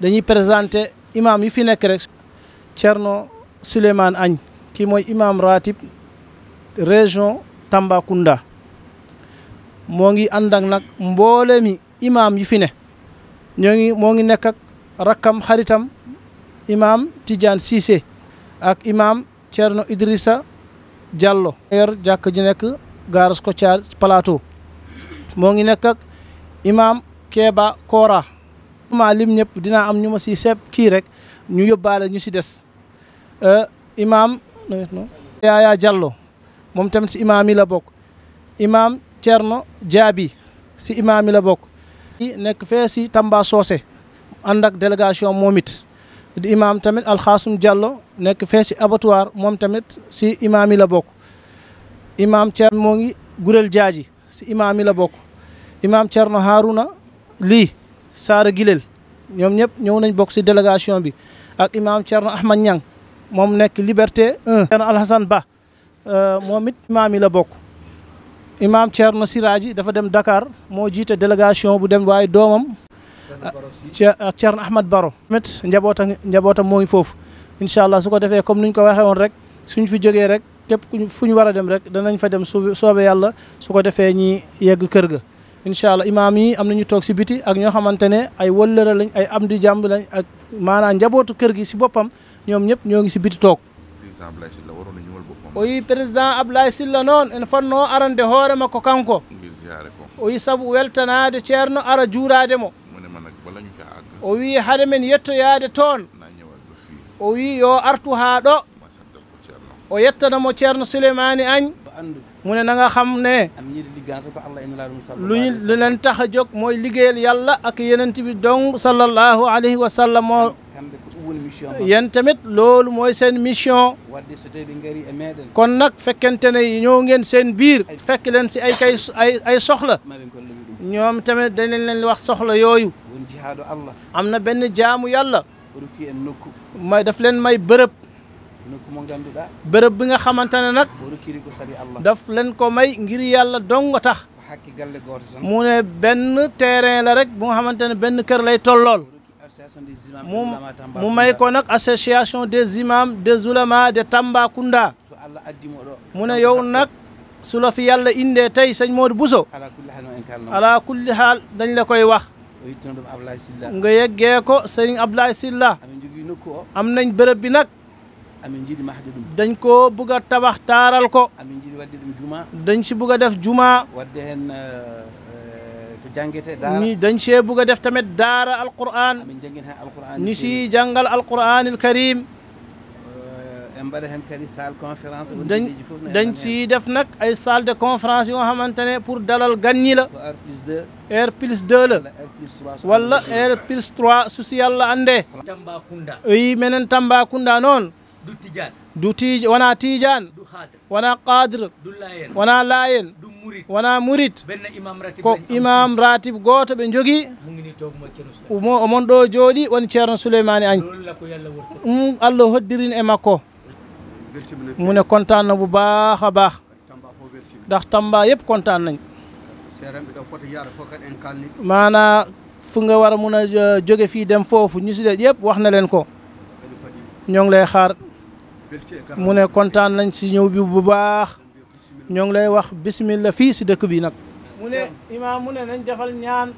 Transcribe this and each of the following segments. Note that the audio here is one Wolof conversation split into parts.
dañuy présenté imam yi fi nekk rek Thierno Souleymane Agne kii mooy imam ratib région Tambacounda moo ngi ànd ak nag mboole mi imam yi fi ne ñoo ngi moo ngi nekk ak rakkam xaritam imam Tidiane Cissé ak imam Thierno Idrissa jallo yor jàkk ji nekk Gare Scotiabank Plateau moo ngi nekk ak imam Keba Kora ma ñep dina am ñuma ci si ki rek ñu yobale ñu imam no ya ya Jallo mom tam si imam yi la bok imam Cerno jabi si imam yi la bokk nek fe ci Tamba sosé andak délégation di imam tamit khasum Jallo Nek fe si abattoir mom tamit si imam yi la bok imam Cerno mo ngi Gurel Jaaji si imam yi la bok imam Cerno Haruna Li sara Gilel ñom ñep ñew nañ bok ci délégation bi ak imam cherno Ahmad Niang mom nek Liberté 1. cherno Alhassane Ba euh momit imam yi la bok imam cherno Siraji dafa dem Dakar mo jité délégation bu dem way domam cherno Ahmad Baro. met njabota njabota moo ngi foofu incha allah su comme ni ko waxé won rek suñ fi joggé rek képp ku wara dem rek danañ fa dem su yalla suko defé ñi yegg kër ga incha Imam imaam yi am nañu toog si biti ak ñoo ne ay wëllëra lañ ay abdi di jàmb lañ ak maanaam njabootu kër gi si bopam ñoom ñëpp ñoo ngi biti tok o yi président ablaye silla noon en fonno arande hoore makko kanko o sabu weltanade ceerno ara juurade mo o wi hade men yettoyade toon yo artu ha ɗo o mo ceerno souleymani agne mu ne na nga xam ne lu ñu lu leen tax a jóg mooy liggéeyal yàlla ak yenent bi dong sallallahu alayhi wa sallam moo yéen tamit loolu mooy seen mission e kon nag fekkente ne ñëw ngeen seen biir fekk len si ay kay ay ay soxla ñoom tamit dañ leen leen wax soxla yooyu am na benn jaamu yàlla may daf may bërëb bërëb bi nga xamante ne nag daf leen ko may ngir yàlla dong tax mu ne benn terrain la rek bu nga xamante ne benn kër lay tollool mu mu may ko nag association de imams des oulémas de Tambacounda mu ne yow nag sula fi yàlla indee tey sëñ Modou Bousso ala kulli haal dañ la koy wax nga yeggee ko sëriñ Ablaye Sylla am nañ bërëb bi nag amin jiiɗi mahde ɗum dañ ko buga tabax taaral ko amin jiiɗi wadde ɗum juma dañ si buga def juma wadde hen to jangguete daara ni dañ see buga def tamit daara alquran amin jangguin hen alquran ni si janggal alquranil karim en mbaɗa hen kadi salle conférence dañji fof dañ si def nak ay salle de conférence yo xamantane pour dalal ganñi la air plus 2 la walla air plus 3 susi yalla ande tambacounda oui menen tambacounda noon du tijan du wana wona tijaan wona wana wona layen wona murit ko imam ratib goto ɓe jogi mo omon ɗo jooɗi woni ceerno souleymani agne um allah hoddirini e makko mune contan bu baax a ndax tamba yep contan nañ maana fu nga war muna mun a euh, jóge fii dem foofu ñu si de wax na ko lay xaar mu ne kontaan nañ si ñëw bi bu baax ñoo ngi lay wax bismillah fii si dëkk bi nag mu ne imaam mu ne nañ defal ñaan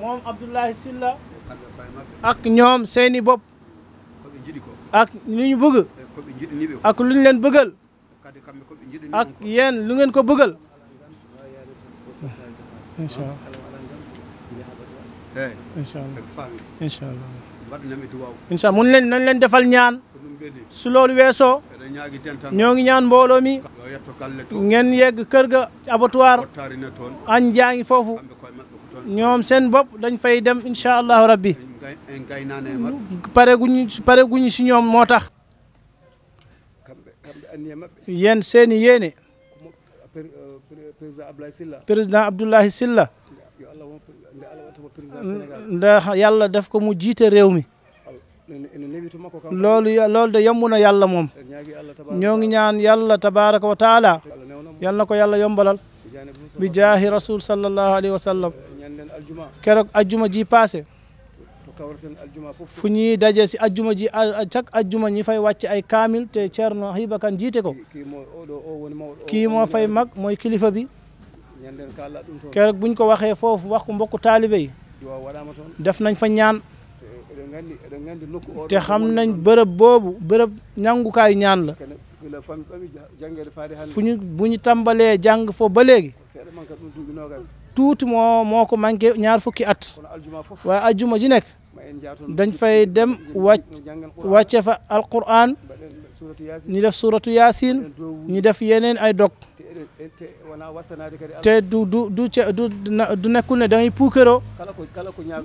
moom Abdoulaye Sylla ak ñoom seeni bopp ak lu ñu ak lu ñu leen bëggal ak yéen lu ngeen ko bëggal incha allah incha allah incha allah mun leen nan leen defal ñaan su loolu weesoo ñoo ngi ñaan mbooloo mi ngeen yegg kër ga abattoir añ jaa ngi foofu ñoom seen bopp dañ fay dem incha allahu rabbi pare guñu pare guñu si ñoom moo tax yéen seen i yéene euh, euh, président Abdoulaye Sylla ndax yàlla def ko mu jiite réew mi loolu loolu de yomb na yàlla moom ñoo ngi ñaan yàlla tabaraka wa taala yal na ko yàlla yombalal bi jaahi rasul sallallahu alayhi wa sallam keroog ji passé fu ñuy daje si ajjuma ji cak ajjuma ñi fay wàcc ay kaamil te Ceerno Hiba Kane jiite ko kii fay mag mooy kilifa bi keroog buñ ko waxee foofu wax ko mbokku taalibe yi def nañ fa ñaan te xam nañ bërëb boobu bërëb ñàngukaayu ñaan la fu ñu bu ñu tàmbalee jàng fo ba léegi tuuti moo moo ko manqué ñaar fukki at waaye ajjuma ji nekk dañ fay dem wàcc wàcce fa alquran ñu def suuratu yaasin ñu def yeneen ay dog te du du du ce du du nekkul ne dangay puukero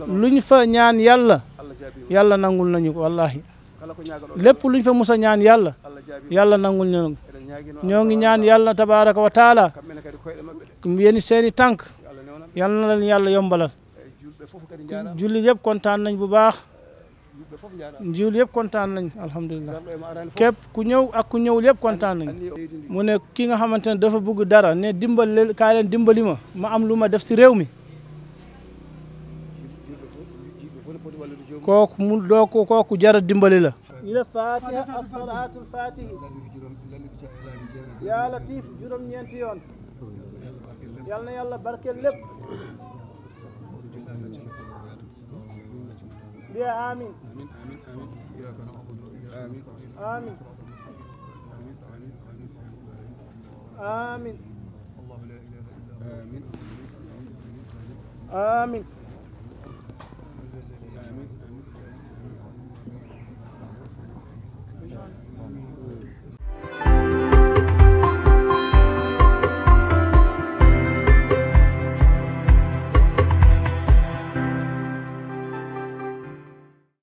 luñ fa ñaan yàlla yàlla nangul nañu ko wallahi lépp luñ fa musa ñaan yàlla yàlla nangul nañu ñoo ngi ñaan yàlla tabaraka wa taala yéen seeni tànk yàlla na leen yàlla yombalal eh, julli yëpp kontaan nañ bu baax njiwul yëpp kontaan nañ alhamdulilah képp ku ñëw ak ku ñëwul yëpp kontaan nañ mu kii nga xamante ne dafa bëgg dara ne dimbal leen kaa dimbali ma ma am lu ma def si réew mi kooku ko kooku jara dimbali la يا آمين آمين آمين آمين إياك نعبد وإياك نستعين آمين آمين آمين آمين آمين آمين آمين آمين آمين آمين